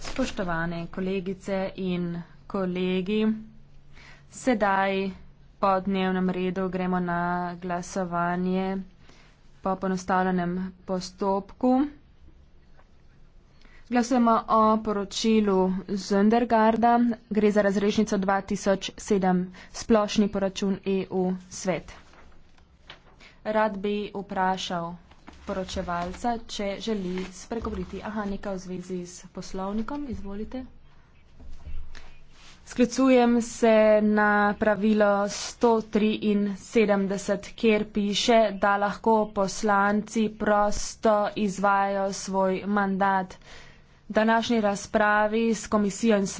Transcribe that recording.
Spoštovane kolegice in kolegi, sedaj po dnevnem redu gremo na glasovanje po ponostavljenem postopku. Glasujemo o poročilu Zundergarda, gre za razrešnico 2007, splošni poračun EU svet. Rad bi vprašal poročevalca, če želi spregovoriti. Aha, nekaj v zvezi s poslovnikom, izvolite. Sklicujem se na pravilo 173, kjer piše, da lahko poslanci prosto izvajajo svoj mandat. V današnji razpravi s komisijo in svetom.